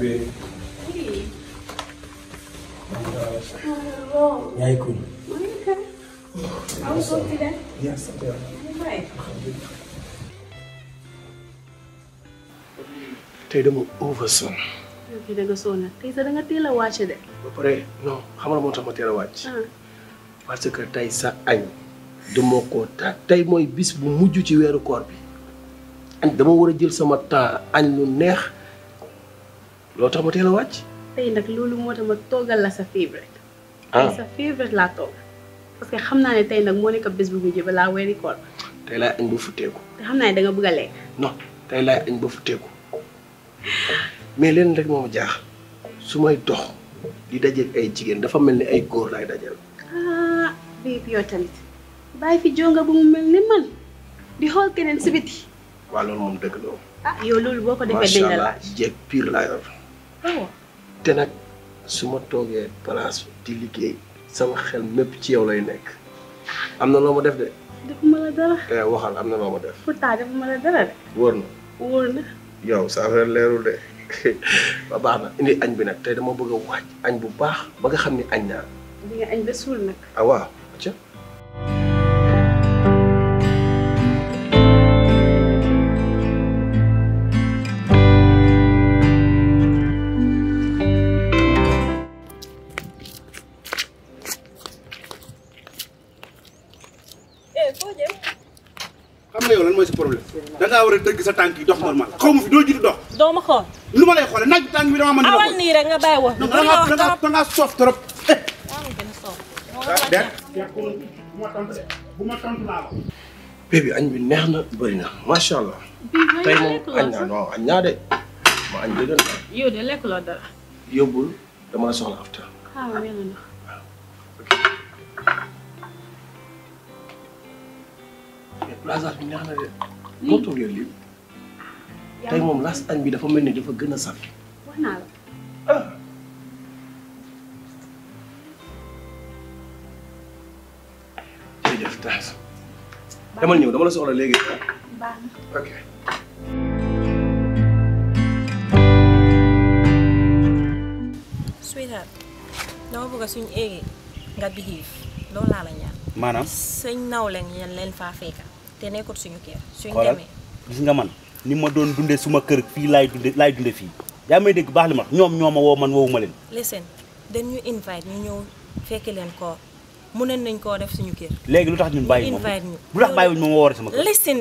be ya yi kuni yes I'm there Tay yi da mu overson ke daga sona ta yi sadanga tela wace da bapare no hamar mota mata yara wace parce que tay sa añ. da makota ta yi mai bis bu mujju ci wéru koor bi dama wara a jël sama temps añ lu neex lo tax ma teel a wàcc. nak nag loolu togal la sa favorite. ah sa favorite la tok parce que xamna naa ne tey nag moo bes bu mujj balaa wéri kol tay la añ bu futteeku. te xam ne da nga bëgg a non tey laay añ ba mais lén rek moom jaax sumay dox di dajé ay jigen dafa melni ay gor lay dajal. ah baby yo tamit bay fi jonga bu mu melni man di hol kenen si wa lolu mom deug lo. ah yo lolu boko defé dañ la jek pire la yor. te nag su ma toogee place di liggéey sama xel mépp ci yow lay nekk am na loo ma def de. defuma la dara. Eh, waxal am na loo ma def. pourtant defuma la na. yow sa affaire leerul de ba baax na indi añ bi nag te dama bëgg waaj añ bu baax ba nga xam ni añ naa. di nga añ ba suul nag. ah waaw. la dëgg sa tànk yi dox normal xaw ma fi doo jiitu dox. doo ma xool. lu ma lay xoolee naaj bi tànk bi dama mën a. awal nii rek nga bàyyi woon. da ngaa da ngaa da ngaa soof trop. bébi eh. añ bi neex na bëri na macha allah. tey moom añ naa waaw añ naa de ma añ dëgg yow de lekk loo dara. yóbbul dama soxla after. plaisage bi neex na de. tey moom las añ bi dafa mel ni dafa gën a saf. wax naa ah. dama la soxla léegi. baax na ok. sweetheart laa la ñaan. maanaam sëñ naw leen faa fekka. te nekkut suñu kër suñu demee gis nga man ni ma doon dunde suma kër fii laay dunde laay dunde fii yaa may dégg baax li ma ñoom ñoo ma woo man woowu ma leen listen dañu invite ñu ñëw fekki leen koor mënoon nañ koo def suñu kër léegi lu tax ñun bàyyi invite ñu lu tax bàyyiwuñ moom woore sama kër listen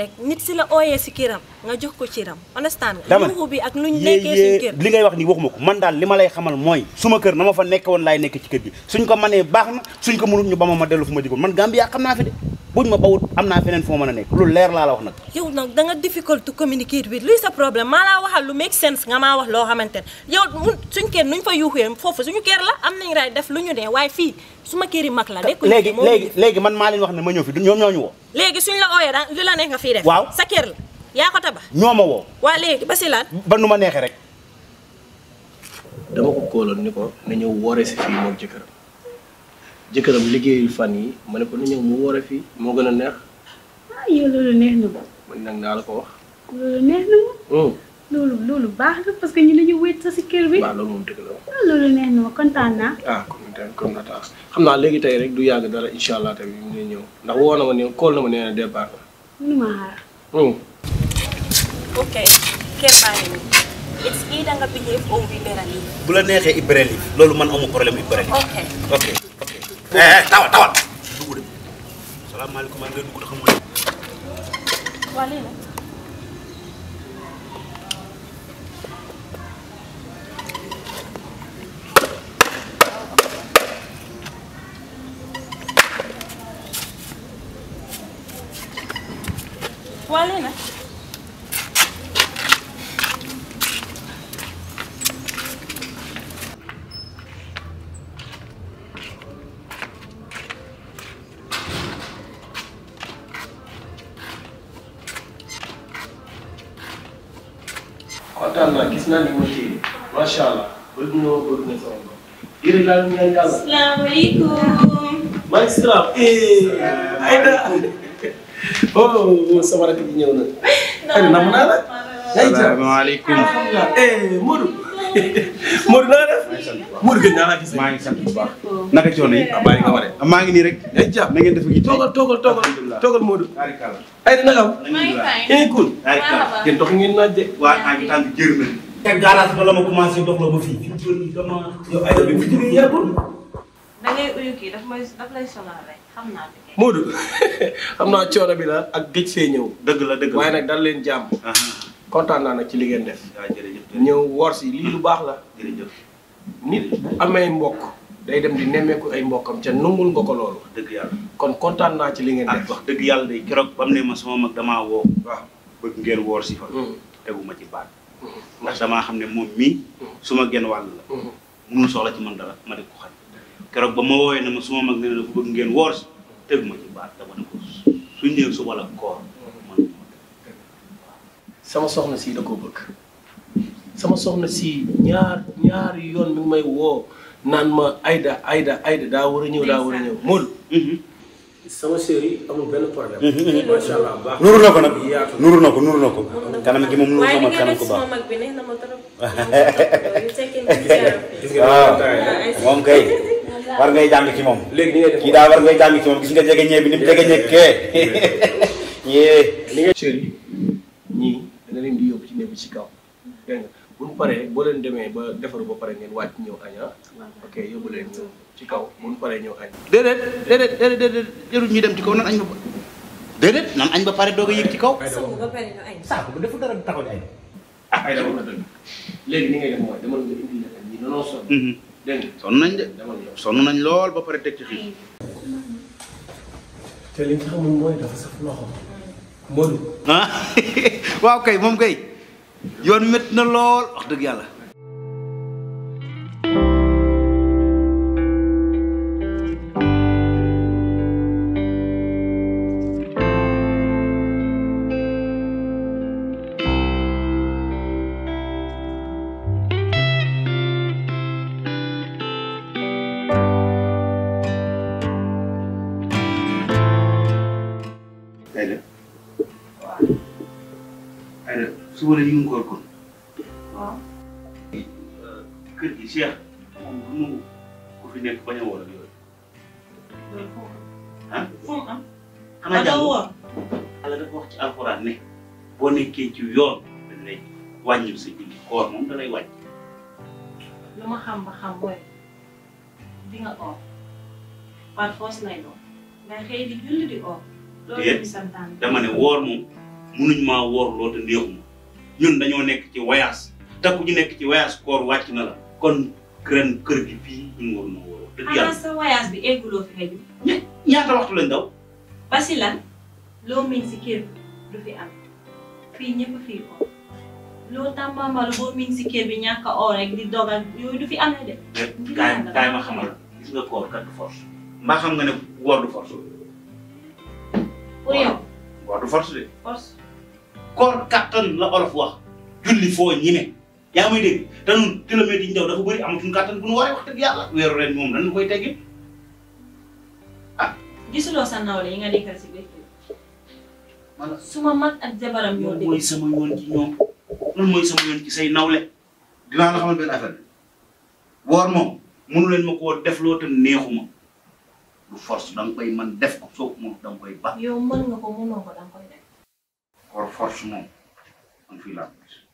rek nit si la ooyee si këram nga jox ko ciram understand nga yuuxu bi ak luñ nekkee suñu kër li wax nii waxuma ko man daal li ma lay xamal mooy suma kër na ma fa nekk woon laay nekk ci kër suñ ko manee baax na suñ ko mënul ñu ba ma ma dellu fu ma digoon man Gambia xam naa fi de buñ ma bawut am naa feneen foo mën a nekk loolu leer laa la wax nag. yow nag da nga difficult to communicate with luy sa problème maa laa waxal lu make sense nga maa wax loo xamante ne yow mu suñ kër nuñ fa yuuxee foofu suñu kër la am nañ raay def lu ñu ne waaye fii suma ma kër yi mag la. nekkul léegi léegi léegi man maa leen wax ne ma ñëw fi du ñoom ñoo woo. léegi suñ la ooyee daan li la neex nga fii def. waaw sa kër la yaa ko tabax. ñoo ma woo. waa léegi ba si lan. nu ma neexee rek. dama ko kóoloon ni ko jëkëram liggéeyul fan yi ma ne ko ni ñëw mu woore fi moo gën a neex ah yow loolu neex na ma man nag naa la ko wax loolu neex na ma hmm. loolu loolu baax na parce que ñu dañu wéet sa si kër bi waaw loolu moom dëgg la wax. Ah, loolu neex na ma kontaan naa ah kontaan kontaan naa xam naa léegi tey rek du yàgg dara incha allah tamit mu ngi ñëw ndax woo na ma ne kool na ma nee na départ la mënu ma xaar hmm. ok kër baa ngi nii it's either nga behave or we better leave bu la neexee Ibrahima loolu man amu problème Ibrahima ok ok eh tawal tawal dugg dem salaamaaleykum maa ngi lay dugg te xamoo waa lii la eh? waa lii la eh? kontaan naa gis naa ni ma téye macha allah bëgg na ma bëgg na sama bopp yéen daal ñu ngi yàlla. salaamaaleykum. maa ngi salaam. Eh, Aïda. oh sama rakk bi ñëw na. nam naa la. salaamaaleykum. Eh, Modou. Modou naa def. Modou gëj la gis. maa ngi sant bu baax. naka yi. nga ngi rek. na ngeen def ay nga ngeen dox ngeen commencé dox la fi dama ay kontaan na nag ci li ngeen def. Ah, ñew wor ci li lu bax la. nit amay mbokk day dem di nemmeeku ay mbokkam ca nungul nga ko lolu deug yalla kon kontaan na ci li ngeen def. Ah, wax deug yalla day kérok bam ne ma sama mag dama wo waaw bëgg ngeen wor ci fa. Mm. teguma ci baat. Mm. ndax dama xam mom mi mm. suma gën wal la. mënu soxla ci man dara ma di ko xal kérok bama woyé woowee ma suma mag ne la bëgg ngeen wor si teguma ci baat dama na ko suñu ñew su wala koor. sama soxna sii da ko bëgg sama soxna si ñaar ñaari yoon mi may woo naan ma Aida ayda ayda daa war a ñëw daa war a ñëw mool. Mhm. sama série amul benn problème. Mhm. macha baax mhm. nuru na ko nag nuru na ko nuru na ko. kanam gi moom nuru na ma kanam ku ah. ah, moom ngay jàng ci moom. léegi ni ngay def kii daa war ngay jàng ci moom gis nga jegeñee bi ni mu jegeñee kee. ñii. cikau, kaw dégg bu ñu paree boo leen ba ba pare ngeen wàcc ñëw aña ok yóbbu leen ñëw ci kaw bu ñu paree Dedet, dedet, dedet, dedet, jadi déedéet dem ci kaw nan añ ba déedéet nan añ ba pare doog a yëg ci kaw saako ba pare ñu añ saako ba defu dara du taxaw di añ ah, ay dama la dëgg léegi ni ngay def mooy demal nga indi ñaxam yi nanoo sonn mhm. dégg nga nañ de nañ lool ba ci ah waaw kay yoon métti na lool wax dëgg yàlla suba la ñu ngi góor kon. kër gi Cheikh moom lu ku fi nekk bañ a woor ak yooyu. loolu foofu. ah foofu am. xanaa dafa wax ci alxuraan ne boo nekkee ci yoon dañ lay wàññi sa julli moom da lay lu ma xam ba xam mooy di oor par force lay oor. dama ne woor moom munuñ maa woor loo te neexuma. ñun dañoo nekk ci voyage te ku ñu nekk ci voyage koor wàcc na la kon ren kër gi fii ñun waroon na wóoroo. dëgg yàlla sa voyage bi egguloo fi xëy na. ñaata waxtu lañ daw. basi lan loo miin si kër bi ñàkk a oo rek di dogal yooyu du fi amee de. kaay kaay ma xamal la gis nga koor kat force. mbaa xam nga ne woor force. pour yow. force de. koor kattan la olof wax julli foo ñime yaa may dégg te ñun kilomètres yi ñu dafa bëri amatuñ kattan bu ñu waree wax dëgg yàlla weeru ren moom lan koy teggee ah. gisuloo sa yi nga nekkal mag ak jabaram ñoo dégg mooy sama yoon ci say nawle. dinaa la xamal benn affaire woor moom mënu leen ma koo def loo te neexuma du force danga koy man def ko soo ko danga koy ba. or for snow on Phi Lapis.